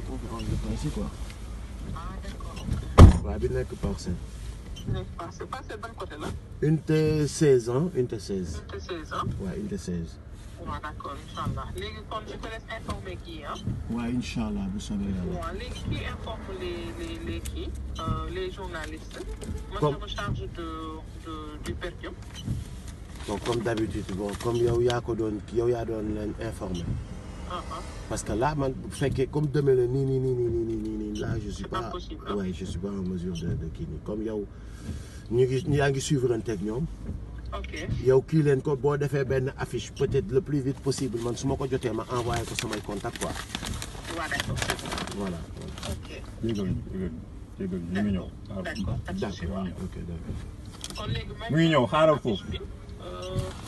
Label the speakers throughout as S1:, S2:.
S1: pour conférences de principe, quoi. Ah, d'accord. waaw bi nekk cest nekk parcelle parcelle ban côté Une t 16 hein Une t 16. Une t 16 hein. ans. une t 16. Oui, d'accord Inch'Allah. Les comme je te laisse informer qui, hein waaw vous vous bu soobee yàlla. waaw léegi les les les euh, les journalistes. Moi, je me charge de de du percum. bon comme d'habitude bon comme yow yaa ko doon yow y a leen informer parce que là man comme demain, je suis pas hein. ouais je suis pas en mesure de de comme suivre y a ok yow encore ko affiche peut-être le plus vite possible man je contact quoi. voilà voilà. ok d'accord Ok. ok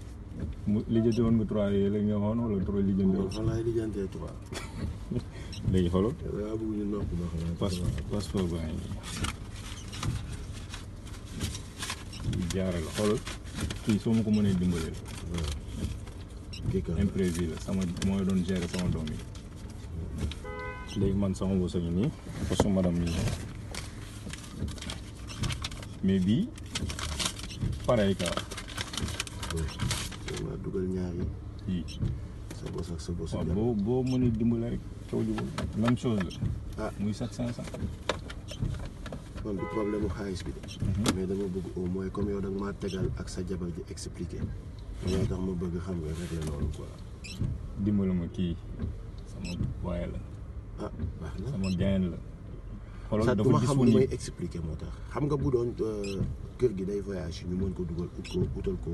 S1: mu lijjanti woon nga trois yooyu la nga waxoon wala trois lijjanti woon. fan léegi xoolal. waaw ba xam. passeport passeport baa kii soo ma ko mënee dimbaleel. kii kan sama mooy doon gérer sama doom yi. léegi man sama bosa ngi nii parce que mi mais bii pareil quoi. waaw dugal ñaar yi. sa bos ak sa bos. waaw boo boo a dimbale rek coow li même la. ah muy sept cinq cent. man du problème xaalis bi mhm. mais dama bëgg au moins comme yow da nga tegal ak sa jabar ji expliqué. loolu tax ma bëgg xam nga rek la loolu quoi. ma kii sama waaye la. ah baax na sama gain la. xoolal dafa gis xam li moo tax xam nga bu doon euh, kër gi day voyage ñu mën ko dugal ut ko utal ko.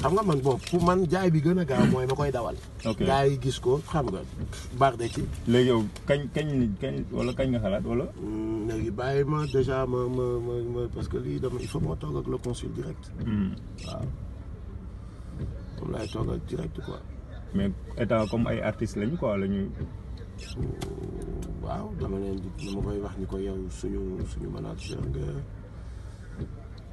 S1: xam nga man boobu pour man jaay bi gën a gaaw mooy ma koy dawal. ok gars yi gis ko xam nga baax de ci. léegi yow kañ kañ kañ wala kañ nga xalaat wala. Hmm, léegi bàyyi ma déjà ma ma ma parce que lii dama il faut ma toog ak la consul direct. Hmm, waaw moom laay toog ak direct quoi. mais état comme ay artistes lañu ko la ñu. waaw dama leen di dama koy wax ni ko yow suñu suñu manager nga.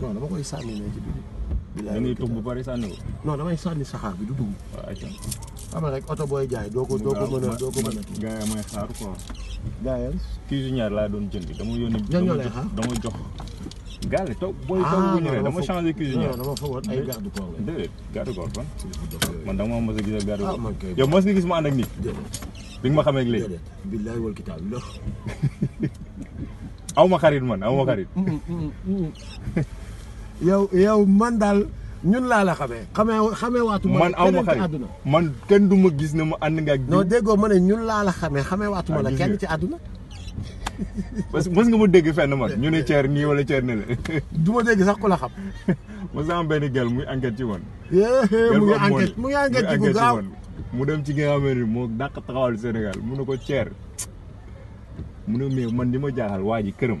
S1: non dama koy sànni ne ci biir. bilaay da bu pare sànni ko. non damay sànni saxaar bi du dugg. waaw ayca. xam rek oto booy jaay doo ko doo ko mën a a. gars yi may laa doon jënd dama yónni. ñooñu lay xaar dama jox. gaale taw booy taw bu ñu rek dama changé cuisinière. dama foogoon ay garde corps la. man dama mos a gis garde corps. man kay ma ànd ak ma xamee ak léegi. billaay wal kitaab ma xarit man aw xarit. Mm, mm, mm, yow yow man daal ñun laa la xamee. xamee xamee waatu ma aw ma xarit man kenn du ma gis ne ma ànd nga ak. déggoo ma ne ñun laa la xamee xamee waatuma la ah, kenn ci àdduna. parce que mës nga ma dégg fen man ñu ne ceer wala ceer ne la. sax ku la xam. mës naa am benn muy enquête ci woon. mu ngi mu dem ci nga xam ne moo dàq taxawal Sénégal mu ne ko ceer mu ne mais man li ma jaaxal waa ji këram.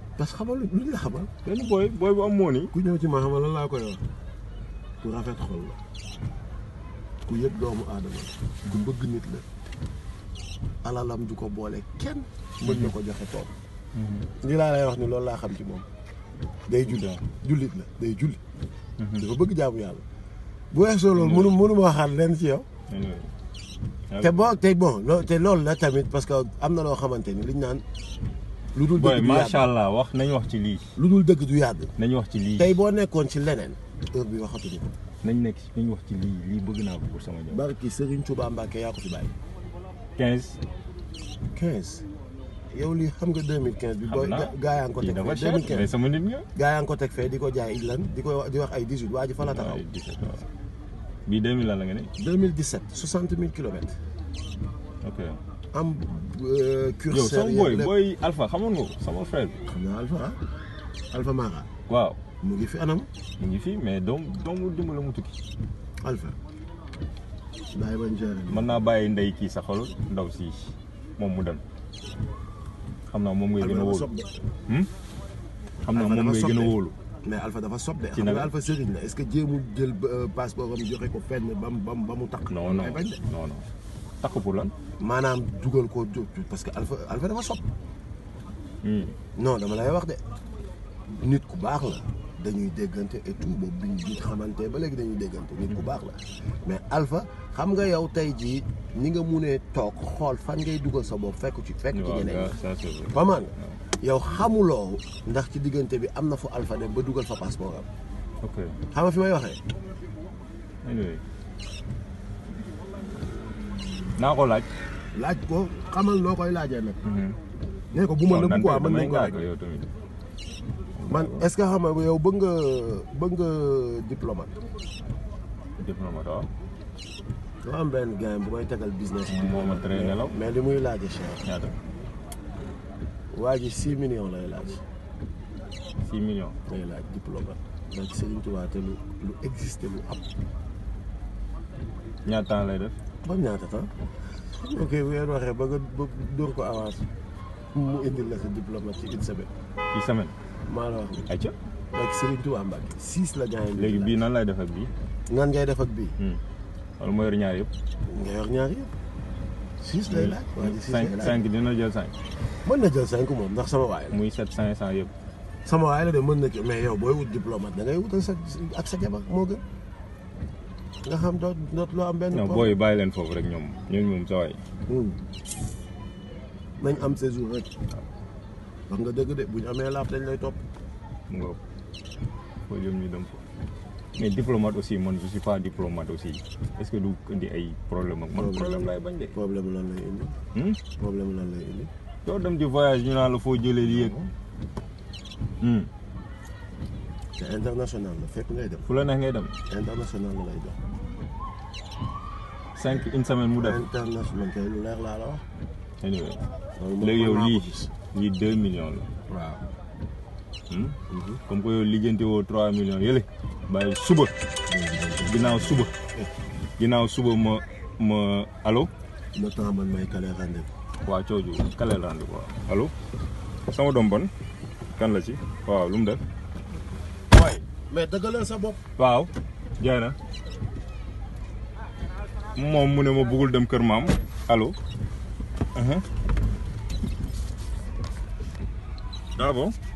S1: parce que xamal luñ la xamal. benn booy booy bu ku ñëw ci ma xamal lan laa koy wax ku rafet xol la ku yëg doomu aadama la ku bëgg nit la alalam du ko boole kenn mën na ko joxe toog. Mhm. li laa lay wax ni loolu laa xam ci moom day julli jullit la day julli mhm. dafa bëgg jaamu yàlla bu weesoo loolu mënu mënu ma waxaat leen ci yow te boo te bon te loolu la tamit parce que am na loo xamante ni liñ naan lu dul dëgg du yàgg macha wax nañ wax ci lii. lu dul dëgg du yàgg. nañ wax ci lii tey boo nekkoon ci leneen. heure bi waxatuñu ko. nañ nekk nañ wax ci lii lii bëgg naa ko pour sama jamono. barki Serigne Touba Mbacke yaa ko fi bàyyi. 15. 15. yow lii xam nga 2015 bi booy gaa yaa ngi ko teg fee 2015 sama nit nga. gaa yaa teg fee di ko jaay lan di ko di wax ay 18 waa ji fa la taxaw. bii 2000 lan la nga ne. 2017 60 000 kilomètres. ok. am. Euh, curseur Alpha xamoon sama frère Alpha ah? Alpha Mara. wow mu fi anam. fi mais doom doomu tukki. Alpha. bàyyi ma njëriñ. mën naa bàyyi ndey kii saxal ndaw si dem ngay mais Alpha dafa sob de Alpha sëriñ est-ce que jéemu jël euh, passe am joxe ko fenn bam bam non non takk maanaam dugal ko parce que alfa Alpha dafa sopp hmm. non dama lay wax de nit ku baax la dañuy déggante et tout boobu bi xamante ba léegi dañuy déggante nit ku baax la mais Alpha xam nga yow tey jii ni nga mu ne toog xool fan ngay dugal sa bopp fekk ci fekk ci ñeneen ba man yow xamuloo ndax ci diggante bi am na fu Alpha dem ba dugal fa passeport am xam fi may waxee naa laaj ko xamal noo koy laajee nag. Mhm. nee ko bu ma nëbb ko man est-ce que xam nga yow bëgg nga bëgg nga diplomate. diplomate waaw. doo am benn gain bu may tegal business. moom ma traité la mais li muy laaj cher. ñaata. waa ji lay laaj. 6 millions. lay laaj diplomate. ndax Serigne Touba te lu lu existe lu am. ñaata temps lay def. ba ñaata temps. ok bu ngeen waxee ba nga ba dóor ko avance mu indil la sa diplôme ci une semaine. ci semaine. maa la wax. ayca. ak Serigne Touba Mbacke six la gars yi. léegi bii nan lay def ak bii. nan ngay def ak bii. Hmm. wala moo yor ñaar yëpp. nga yor ñaar yëpp. six lay laaj. Hmm. waa ji six lay laaj cinq dina jël cinq. mën na jël cinq moom ndax sama waay muy sept cinq cent yëpp. sama waay la de mën na ci mais yow booy wut diplôme da ngay wutal sa ak sa jabar moo gën. nga xam doo dootu loo am benn. non booy bàyyi leen foofu rek ñoom ñun moom sa waay. Hmm. nañ am séjour rek. wax nga dëgg de bu ñu amee laaf dañ lay topp. ngóob foo jëm ñu dem foofu. mais diplomate aussi man je suis que du indi ay problème ak man problème lay bañ de. problème lan indi. Hmm? problème dem di voyage ñu naan la foo jëlee lii yëg. te international la fépp ngay dem. fu la neex ngay dem. cinq une semaine mu def. international kay lu leer laa la wax. anyway léegi yow lii lii deux millions la. waaw. Hmm? Mhm. comme que yow lijjanti woo trois millions yële. bàyyi suba. ginnaaw suba. ginnaaw suba ma ma allo. le temps man waaw cooju sama doom bon kan la ci waaw lu mu def. mais dëggalal sa bopp. waaw jaay na moom mu ne ma bëggul dem kër maam allo. Uh-huh. daa bon.